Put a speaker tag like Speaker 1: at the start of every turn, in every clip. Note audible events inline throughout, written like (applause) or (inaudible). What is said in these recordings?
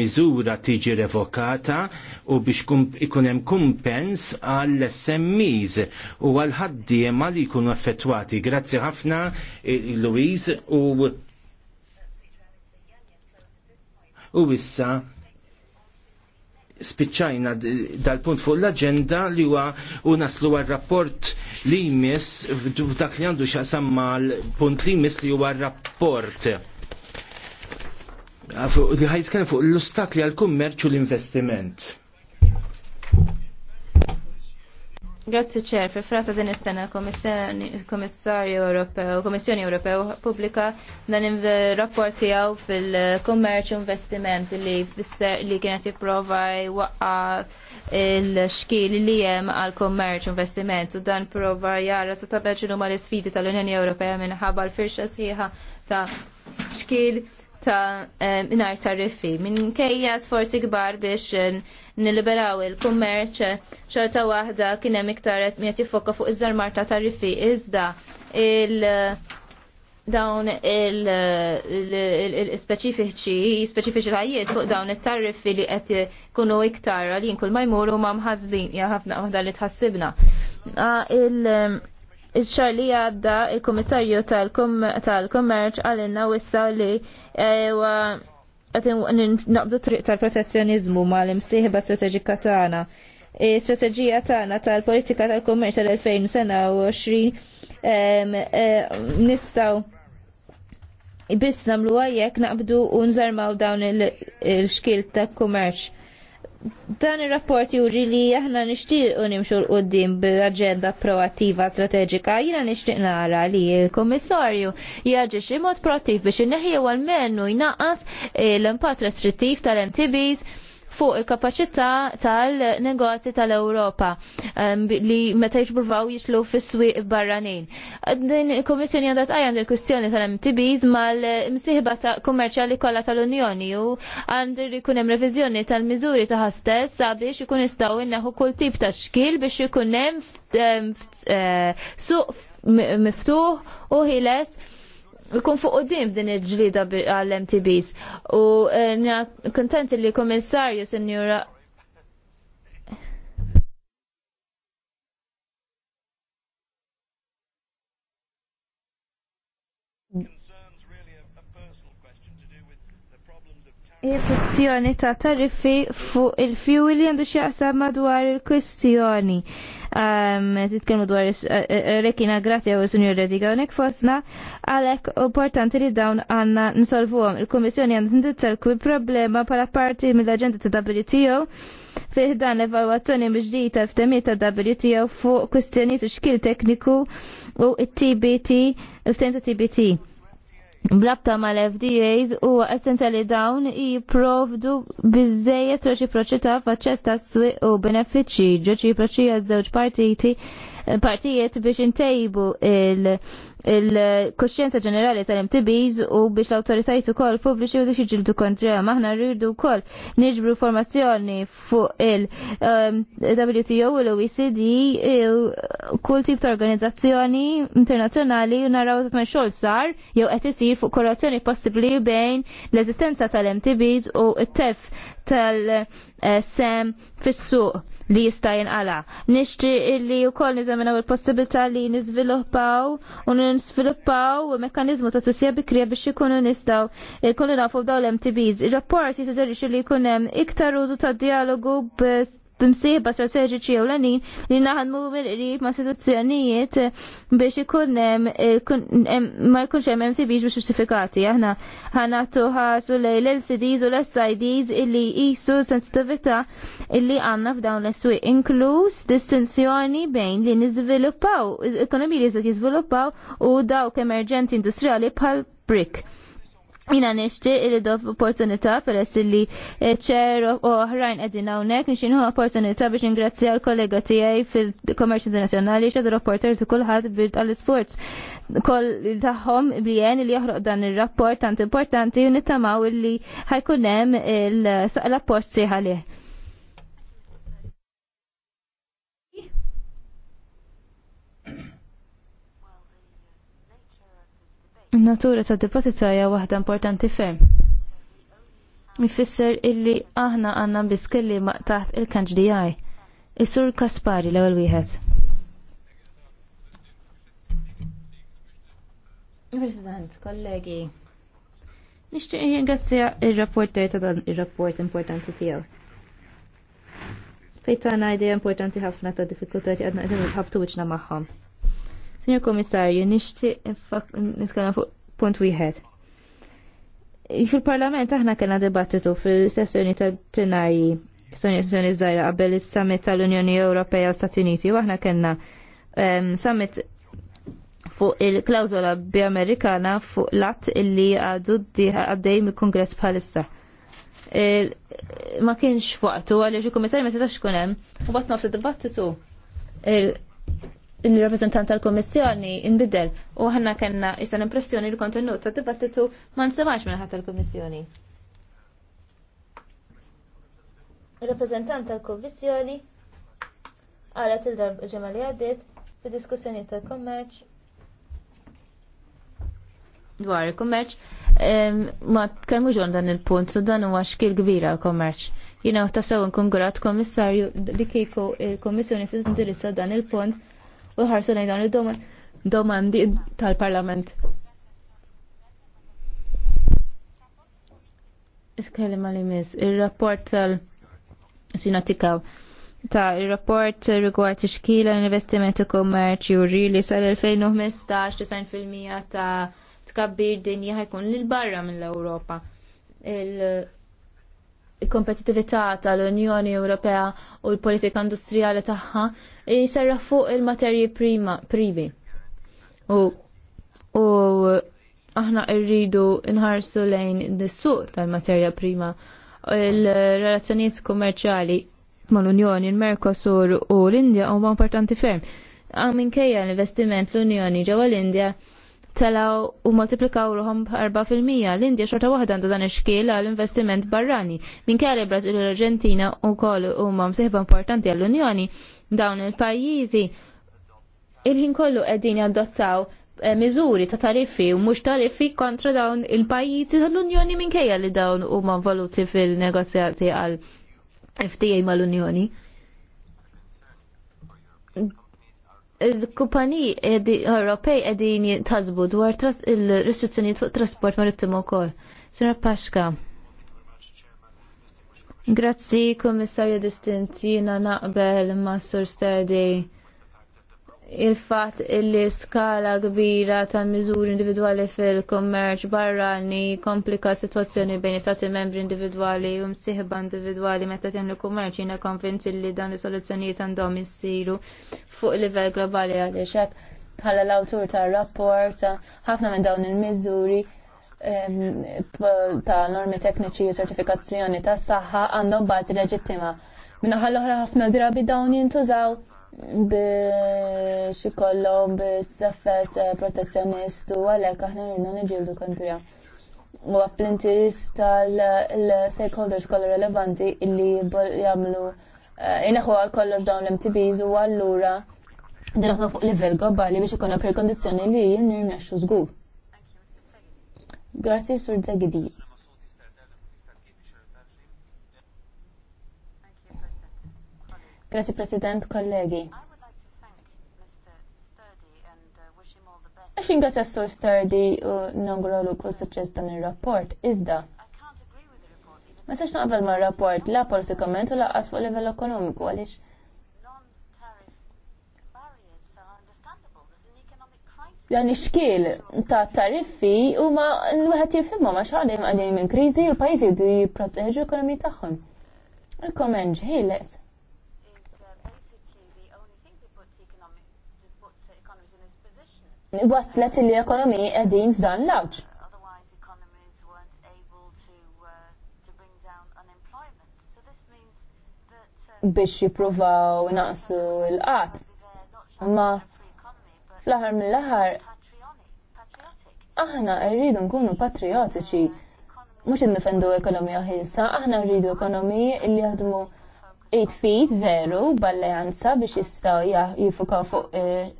Speaker 1: miżura tiġi revokata u biex ikun hemm kumpens għall smis u għal ħaddiema li jkunu affettwati. Grazzi ħafna eh, Louise u u issa spiċċajna dal-punt fuq l-agenda li huwa u naslu għal rapport li jmiss dak li għandu xaqsam mal-punt li jmiss li huwa rapport Ah, ħajtkellem fuq l-ostakli għal-kummerċ u l-investiment. Grazzi ċer, fi frata din is-sena il-Komissarju Ewropew, Komissjoni Ewropew pubblika dan il-rapport tiegħu fil-kummerċ u investiment li li kienet jipprova jwaqqa il-xkil li hemm għal kummerċ u investiment u dan prova jara ta' tabel x'inhuma l-isfidi tal-Unjoni Ewropea minħabba l-firxa sħiħa ta' xkil ta' minar tariffi. kejja sforzi kbar biex niliberaw il-kummerċ xorta waħda kien hemm iktar qed qed jifokka fuq iż-żarmar ta' tariffi iżda il- dawn il-speċifiċi, speċifiċitajiet fuq dawn it-tariffi li qed kunu iktar għalin kull majmur jmuru mamħazbin, mħazbin, għahda ħafna li tħassibna. Iċċar li għadda il-Komissarju tal-Kommerċ għalinna wissa li e, naqbdu triq tal-protezzjonizmu ma l-imsieħba strateġika tagħna. Strategija tagħna tal-politika tal-kummerċ tal-2020 e, nistgħu biss nagħmlu jekk naqbdu u nżarmaw dawn il-xkil tal-kummerċ dan il-rapport juri li aħna nixtiequ nimxu l-qoddim bil-agenda proattiva strateġika, jina nixtieq nara li il-Komissarju jaġi ximot proattiv biex inneħi għal-mennu jnaqqas l-impat restrittiv tal-MTBs fuq il-kapacità tal-negozji tal-Ewropa li meta jiġburvaw jixlu fis-swieq barranin. Din il-Kommissjoni għandat għajan il-kustjoni tal-MTBs mal ta' kummerċjali kollha tal-Unjoni u għandir jkun hemm reviżjoni tal-miżuri ta' stess sabiex ikun jistgħu inneħu kull tip ta' xkil biex ikun hemm eh, suq miftuħ u ħiles kun fuq qudiem din il-ġlida għall-MTBs u eh, kontent li komissarju senjura il kwestjoni ta' tariffi fuq il fjuli li għandu xi jaqsam madwar il-kwestjoni titkellmu dwar eh, eh, eh, rekina grati għaw sunjur redika unek fosna għalek portanti li dawn għanna nsolvuhom. Il-Komissjoni għandha tinditzel kwi problema pala parti mill-agenda ta' WTO fih dan l-evalwazzjoni mġdita f-temi ta' WTO fuq kustjoni u xkil tekniku u t-TBT, f-temi ta' TBT. Blabta mal fdas u essenzjali dawn jiprovdu bizzejiet reċiproċità f'aċċess tas-swieq u benefiċċji ġeċiproċi għaż-żewġ partiti partijiet biex intejbu il-kosċenza ġenerali tal-MTBs u biex l autoritajtu ukoll pubbliċi u ġildu kontra. Maħna rridu wkoll niġbru formazzjoni fuq il-WTO um, u l-OECD kull tip ta' organizzazzjoni internazzjonali u naraw ta' xogħol sar jew qed isir fuq korrelazzjoni possibbli bejn l-eżistenza tal-MTBs u t-tef tal-sem eh, fis-suq li jista' jinqala. Nixtieq li wkoll niżaminaw il-possibilità li nizviluppaw u nisviluppaw mekkaniżmu ta' twissija bikrija biex ikunu nistgħu jkunu nafu b'daw l-MTBs. Ir-rapport jisuġġerixxi li jkun hemm iktar użu ta' dialogu bis b'msieba strateġiċi ewlenin li naħdmu mill-qrib ma' istituzzjonijiet biex ikun ma jkunx hemm MCBs biex ġustifikati. Aħna ħanatu ħarsu lej l-LCDs u l-SIDs illi jisu sensitività illi għandna f'dawn l swi inkluż distinzjoni bejn li niżviluppaw ekonomi li jiżviluppaw u dawk emerġenti industrijali bħal brick Jina nishti illi dof opportunità essi li ċer u oħrajn għedin għawnek nixinu opportunità biex ingrazzja l-kollega tijaj fil-Kommerċ Internazjonali xed reporters u kullħat birt għall-sforz koll taħħom brien li joħroq dan il-rapport tant importanti u nittamaw illi ħajkunem l apport siħalih. Natura ta' dibattita hija waħda importanti ferm. Ifisser illi aħna għandna biss ma' taħt il-kanġdijaj. Is-sur Kaspari l-ewwel wieħed. President, kollegi, nixtieq jingrazzja il rapporter ta' dan ir-rapport importanti tiegħu. Fejn tagħna idea importanti ħafna ta' diffikultati għadna qegħdin ħabtu wiċċna magħhom. Signor Komissarju, nixtieq nitkellem fuq punt wieħed. Fil-Parlament aħna kellna dibattitu fil-sessjoni tal-plenarji, sessjoni żgħira qabel is-summit tal-Unjoni Ewropea u Stati Uniti, u aħna kellna ehm, summit fuq il-klawzola bi-Amerikana fuq l-att illi għadu għaddej mill-Kongress bħalissa. Ma kienx fuqtu għaliex il komissarju ma setax kun hemm u bat nofs id-dibattitu il reprezentant tal-Komissjoni inbidel u ħanna kena issa l-impressjoni l-kontenut ta' dibattitu ma nsemax minn ħat tal-Komissjoni. il reprezentant tal-Komissjoni għala til darb ġemma li għaddit fi diskussjoni tal-kommerċ dwar il-kommerċ ma tkellmu ġon dan il-punt su dan huwa xkil kbira l-kommerċ. Jina ta' sew nkun komissarju li kieku il-Komissjoni se tindirizza dan il-punt u ħarsu lejn domandi tal-Parlament. Iskelli ma li mis, il-rapport tal-sinatikaw ta' il-rapport rigward tixkila l-investiment u kommerċi u rili sal-2015 90% ta' tkabbir dinja ħajkun lil barra mill-Ewropa il-kompetitività tal-Unjoni Ewropea u l-politika industrijali tagħha jserra fuq il-materji prima privi. U, u aħna rridu nħarsu lejn dis-suq tal-materja prima il-relazzjonijiet kummerċjali mal-Unjoni, il-Mercosur u l-Indja huma importanti ferm. Għamin ah, kejja l-investiment l-Unjoni ġewwa l-Indja telaw u multiplikaw ruħom mija L-Indja xorta waħda għandu dan ix-xkiel għal investiment barrani. Minn li Brażil u l-Arġentina wkoll huma seħba importanti għall-Unjoni dawn il-pajjiżi il-ħin kollu qegħdin jadottaw eh, miżuri ta' tariffi u mhux tariffi kontra dawn il-pajjiżi tal-Unjoni minkejja li dawn huma voluti fil-negozjati għal FTA mal-Unjoni. il kumpani Ewropej qegħdin jintazbu dwar il restrizzjoni fuq trasport marittim ukoll. Sra Paxka. Grazzi, komissarja Distinti, jina naqbel ma' Sur Stedi il-fat li skala kbira ta' miżuri individwali fil-kommerċ barrani komplika situazzjoni bejn istati membri individwali u msiħba individwali meta li kummerċ jina konvinti li dan is-soluzzjonijiet għandhom jissiru fuq livell globali għaliex hekk bħala l-awtur tar rapport ħafna minn dawn il-miżuri ta' normi tekniċi u ċertifikazzjoni tas saħħa għandhom bażi leġittima. Minna l oħra ħafna drabi dawn jintużaw biex ikollhom bis-seffet eh, protezzjonist u għalhekk aħna rridna niġġieldu kontrija. U applintis tal-stakeholders kollu relevanti illi jagħmlu eh, jinaħu għal kollu dawn l-MTBs u allura Dinaħna fuq livell globali biex ikonna per kondizjoni li jirnirnexxu zgur. Grazie, Sur Zagidi. Grazie President, kollegi. Għax s Sur Sturdy u nonguralu kull suċċess dan il rapport iżda. Ma s sax naqbel ma' rapport la politikament u laqqas fuq level ekonomiku għalix. Dan ix-xkiel ta' tariffi huma wieħed jifhimhom għax għadhom għadhom minn kriżi u l-pajjiżi jridu jipproteġu l-ekonomija tagħhom. Il-komment ħieles. waslet li l-ekonomiji qegħdin f'dan l-awġ. Uh, uh, biex jippruvaw naqsu l-qat. Ma fl ħar mill ħar aħna rridu nkunu patriotiċi mux n-nifendu ekonomija ħilsa, aħna rridu ekonomija illi għadmu 8 feet veru balleanza biex jistaw jifukaw fuq eh,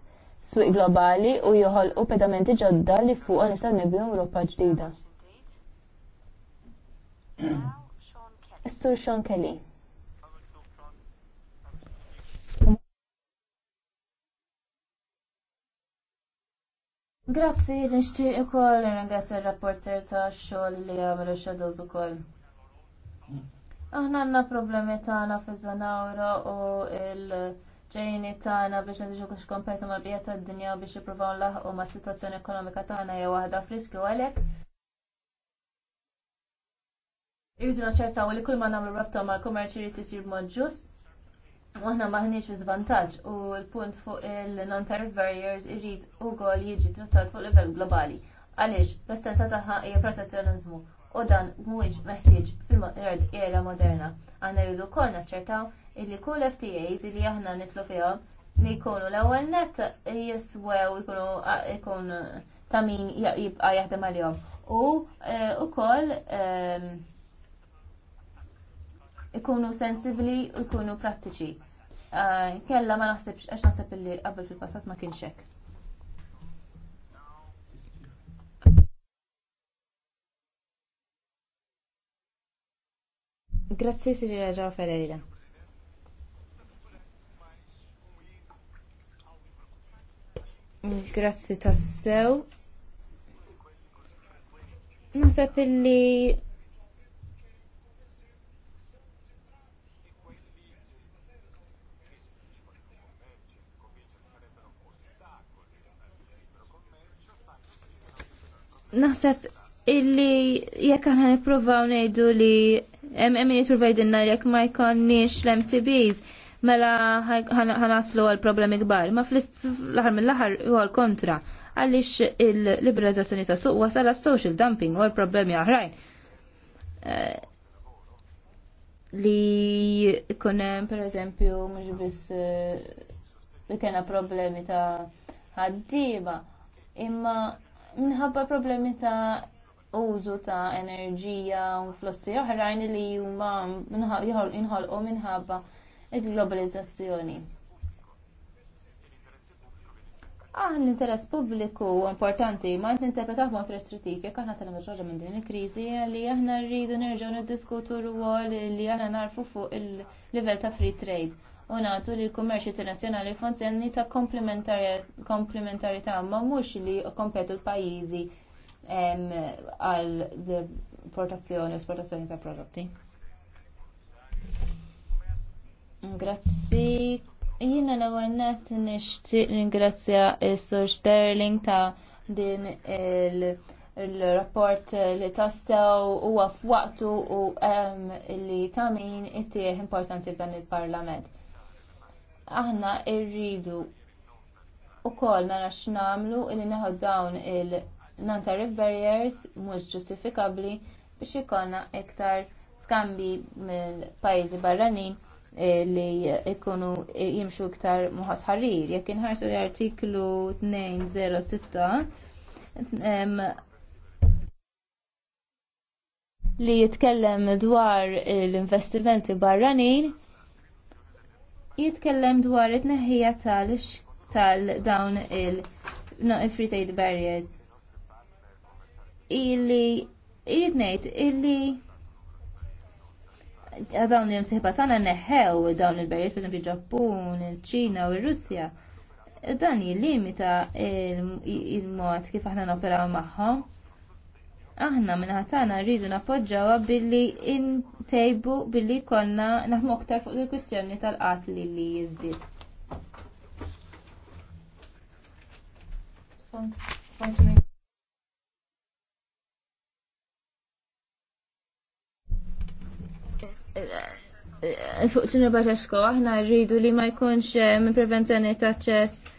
Speaker 1: swieq globali u joħolqu pedamenti ġodda li fuqha nista' nibnu Ewropa ġdida. (clears throat) sur Sean Kelly. Grazzi, nishtiq ukoll ringrazzja r-rapporter ta' xogħol li għamlu shadows ukoll. Aħna għandna problemi tagħna fiż-żona u il- ġejni tagħna biex nħiġu kux kompetu mal bija tad dinja biex jippruvaw nlaħqu mas sitwazzjoni ekonomika tagħna hija waħda friski u għalhekk. Irridu naċċertaw li kull ma nagħmlu rabta mal kummerċ irid isir b'mod ġust. U aħna maħniex fi żvantaġġ u l-punt fuq il-non tariff barriers irid ukoll jiġi trattat fuq livell globali. Għaliex, l-estenza tagħha hija protezzjonizmu u dan mhuwiex meħtieġ fil-mod era moderna. Aħna rridu wkoll naċċertaw illi kull FTAs illi aħna nitlu fihom li jkunu l-ewwel nett jiswew jkunu jkun ta' min jibqa' jaħdem għalihom. U wkoll e, ikunu sensibli u jkunu prattiċi. Kella ma naħsibx għax naħseb illi qabel fil-passat ma kienx hekk. Grazie Sirira Gio Ferreira. Grazie tassew. Nasab illi Naħseb illi jekk aħna nippruvaw ngħidu li hemm hemm jippruvajdilna jekk ma jkollniex l-MTBs mela ħanaslu għal problemi kbar. Ma fl-aħħar mill-aħħar huwa l-kontra għaliex il-liberalizzazzjoni ta' suq wasal għas-social dumping u l-problemi oħrajn. Eh, li kunem per eżempju mhux biss eh, li kena problemi ta' ħaddiba imma minħabba problemi ta' użu ta' enerġija u flossi oħrajn li huma jinħolqu minħabba il-globalizzazzjoni. Aħna l-interess pubbliku importanti ma jtinterpretaw ninterpretaw mod restrittiv jekk aħna tal ħaġa minn din il-kriżi li aħna rridu nerġgħu niddiskutu rwol li aħna narfu fuq il-livell ta' free trade u nagħtu li l-kummerċ internazzjonali fonsenni ta' komplementarità ma mhux li kompetu l-pajjiżi għal importazzjoni u esportazzjoni ta' prodotti. Grazzi. Jina l-għannet nishtiq ringrazzja il-Sur Sterling ta' din il-rapport li tassew u f'waqtu u li tamin ittieħ importanti f'dan il-parlament. Aħna irridu u kol nara x'namlu illi neħu dawn il- non-tariff barriers mhux ġustifikabbli biex ikonna iktar skambi mill-pajjiżi barranin eh, li jkunu eh, jimxu iktar muħat ħarir. Jekk inħarsu l-artiklu 206 li jitkellem dwar eh, l-investimenti barranin, jitkellem dwar it-neħija tal-dawn il-free trade barriers illi irrid ngħid illi dawn li msiħba tagħna neħew dawn il-berjes pereżempju il-Ġappun, il-Ċina u r-Russja. Dan limita il-mod kif aħna noperaw magħhom. Aħna minna ħatana rridu nappoġġawha billi intejbu billi konna naħmu aktar fuq il-kwistjoni tal-qatli li jiżdied. Functioning. fuq Sinu baċaxko, aħna rridu li ma jkunx eh, minn prevenzjoni ta' ċess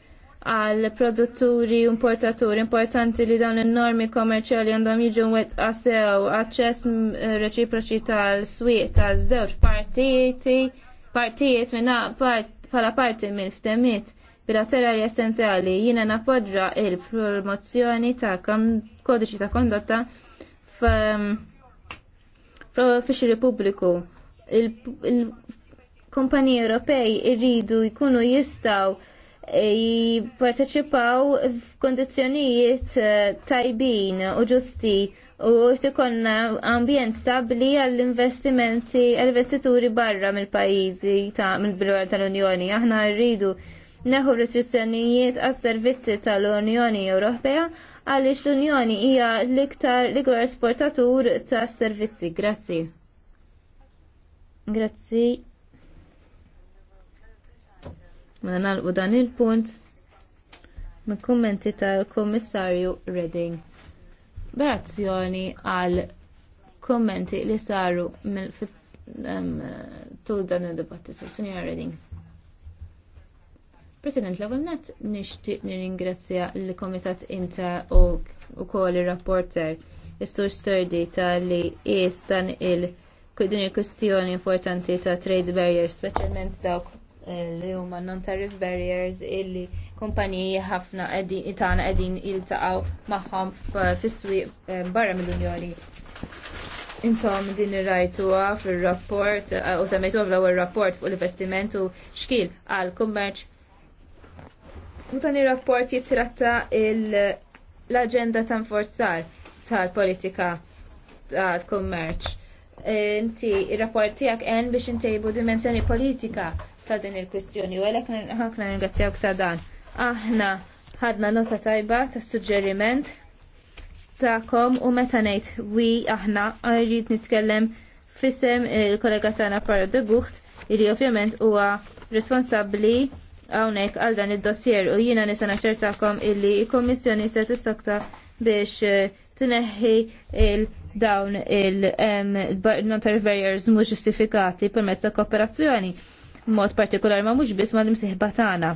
Speaker 1: għal produtturi u importaturi importanti li dawn il-normi kommerċjali għandhom jiġu wet għasew għacċess mm, reċiproċi tal-swiet tal-żewġ partijieti partijiet minna pala parti minn ftemiet bilaterali essenzjali jina napoġġa il-promozzjoni ta' kodiċi ta' kondotta mm, f'fixi Repubbliku. pubbliku il il Ewropej irridu jkunu jistaw e, jipparteċipaw f'kondizjonijiet e, tajbin u ġusti u tikonna ambjent stabli għall-investimenti għall-investituri barra mill-pajjiżi ta' mill-bilwar tal-Unjoni. Aħna rridu neħu restrizzjonijiet għas-servizzi tal-Unjoni Ewropea għaliex l-Unjoni hija l-iktar l iktar esportatur ta' servizzi. Grazzi. Grazzi. Mela nalqu dan il-punt minn kummenti tal-Kummissarju Redding. Grazzjoni għal kummenti li saru mill tul dan il-dibattitu, Signora Redding. President, l-ewwel nett nixtieq nirringrazzja l-Komitat Inta u wkoll il rapporter is-Sur Sturdi tal-li qies dan il- din il-kustjoni importanti ta' trade barriers, specialment dawk eh, li huma non-tariff barriers illi kumpaniji ħafna qegħdin tagħna qegħdin jiltaqgħu magħhom fis-swieq eh, barra mill-Unjoni. Intom din ir-rajtuha fir-rapport eh, u semmejtuha fl-ewwel rapport fuq l-investiment u xkil għal kummerċ. U dan ir-rapport jittratta l-aġenda ta' nforzar tal-politika tal-kummerċ inti ir-rapport tiegħek en biex intejbu dimensjoni politika ta' din il-kwistjoni u għalek ħafna ringrazzjawk ta' dan. Aħna ħadna nota tajba ta' suġġeriment kom u meta ngħid wi aħna rrid nitkellem fissem il-kollega Tana Para de Gucht li ovvjament huwa responsabbli hawnhekk għal dan id-dossier u jiena nisa naċċertakom illi l-Kummissjoni se tissokta biex eh, tineħħi il- dawn il non barriers mhux ġustifikati permezz ta' kooperazzjoni mod partikolar ma mhux biss ma' l tagħna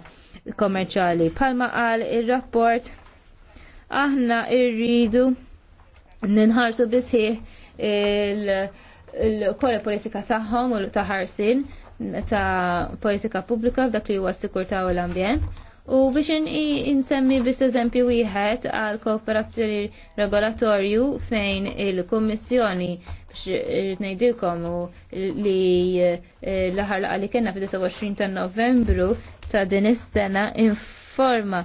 Speaker 1: kommerċjali. Palma qal ir-rapport aħna irridu ninħarsu bisħiħ il-kolla politika tagħhom u ta' ħarsin ta' politika pubblika f'dak li huwa s-sikurtà u l-ambjent U biex insemmi biss eżempju wieħed għal kooperazzjoni regolatorju fejn il-Kummissjoni biex ngħidilkom li eh, l-aħħar laqgħa li kellna fid-29 ta' Novembru ta' din is-sena informa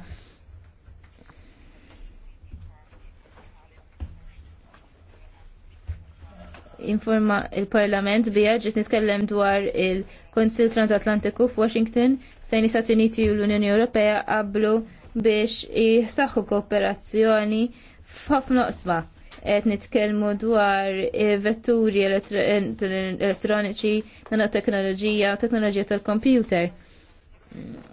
Speaker 1: informa il-Parlament bija ġiet nitkellem dwar il-Konsil Transatlantiku f'Washington fejn l-Istati Uniti u l-Unjoni Ewropea qablu biex jsaħħu kooperazzjoni f'ħafna qsma qed nitkellmu dwar vetturi elettroniċi, nanoteknoloġija, teknoloġija tal kompjuter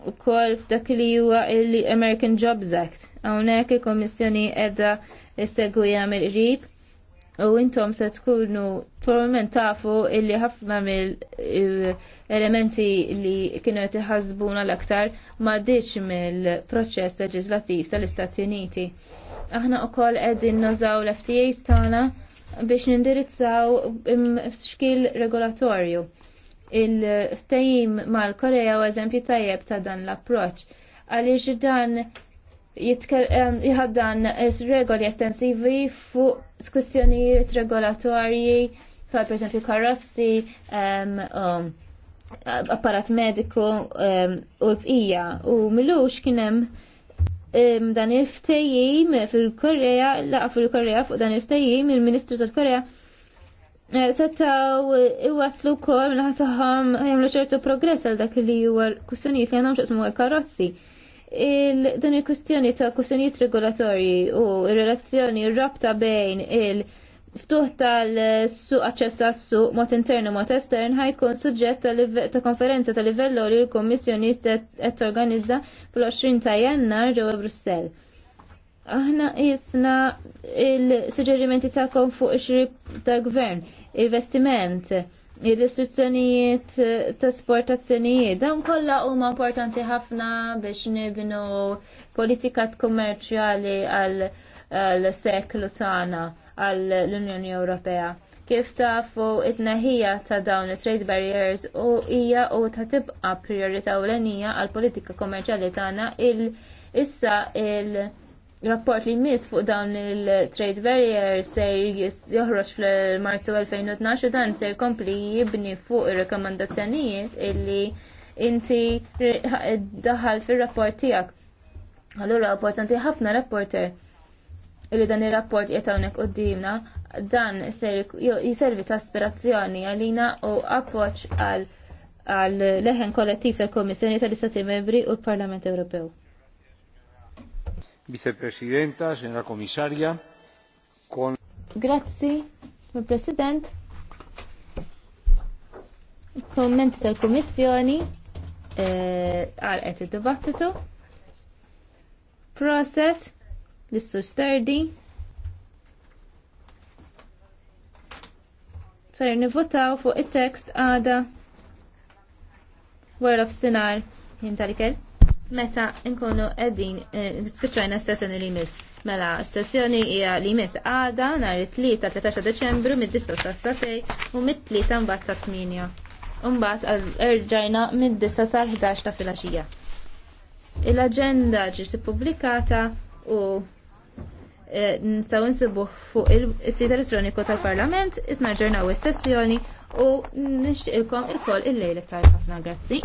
Speaker 1: U f'dak li huwa l-American Jobs Act. Hawnhekk il-Kommissjoni qiegħda issegwi jagħmel qrib u intom se tkunu probablement tafu illi ħafna mill-elementi li kienu qed iħasbuna l-aktar ma diċ mill-proċess leġislattiv tal-Istati Uniti. Aħna wkoll qegħdin nażaw l-FTAs tagħna biex nindirizzaw xkiel regolatorju. Il-ftajim mal-Korea u eżempju tajjeb ta' dan l-approċ. Għaliex dan jħaddan eh, regoli estensivi fuq kwistjonijiet regolatorji, bħal per esempio karozzi, um, um, apparat mediku um, u l-bqija. U milux kienem um, dan il ftejim fil-Korea, laqa fil-Korea fuq dan il-ftejjim il-Ministru tal-Korea eh, Settaw iwaslu kol minna ħasaħam ċertu progress għal dak li huwa kustjonijiet li għandhom xaqsmu għal karozzi Il dan il-kustjoni ta' kustjoniet regolatorji u il-relazzjoni rabta bejn il- ftuħ tal-suq aċċess għas-suq mod internu mod estern ħajkun suġġett ta' konferenza ta' livello li l-Kommissjoni qed torganizza fl-20 ta' Jannar ġewwa Brussell. Aħna jisna il-suġġerimenti tagħkom fuq ix-xrib tal-gvern, investiment, il il-restrizzjonijiet eh, ta' esportazzjonijiet, dawn kollha huma importanti ħafna biex nibnu politika kummerċjali għal seklu tagħna għal l-Unjoni Ewropea. Kif tafu it-naħija ta' dawn it-trade barriers u hija u ta' tibqa' priorità ewlenija għal politika kummerċjali tagħna il issa il-, -il rapport li jmiss fuq dawn il-trade barrier se joħroġ fl-Marzu 2012 dan se jkompli jibni fuq ir-rekomandazzjonijiet illi inti daħal fil-rapport tiegħek. Allura importanti ħafna rapporter illi dan ir-rapport qed hawnhekk qudiemna dan jiservi ta' aspirazzjoni għalina u appoġġ għal leħen kollettiv tal-Komissjoni tal-Istati Membri u l-Parlament Ewropew. Vicepresidenta, signora Commissaria, con... Grazzi, Mil President. Kommenti tal-Kommissjoni eh, għalqet id-dibattitu. Proset, l-istur sterdi. Ser nivotaw fuq it-tekst għada. Wara f'sinar, jien tal-ikel meta nkunu qegħdin eh, spiċċajna s-sessjoni li jmiss. Mela, s-sessjoni hija li jmiss għada nhar it-tlieta 13 Deċembru mid-disa sa satej u mid-tlieta mbagħad sa tminja. Mbagħad erġajna mid-disa sa 11 ta' filgħaxija. Il-aġenda ġiet ippubblikata u eh, nistgħu nsibu fuq il-sit elettroniku tal-Parlament, isna ġernaw is-sessjoni u nixtieqkom il-koll il-lejlek tajb ħafna grazzi.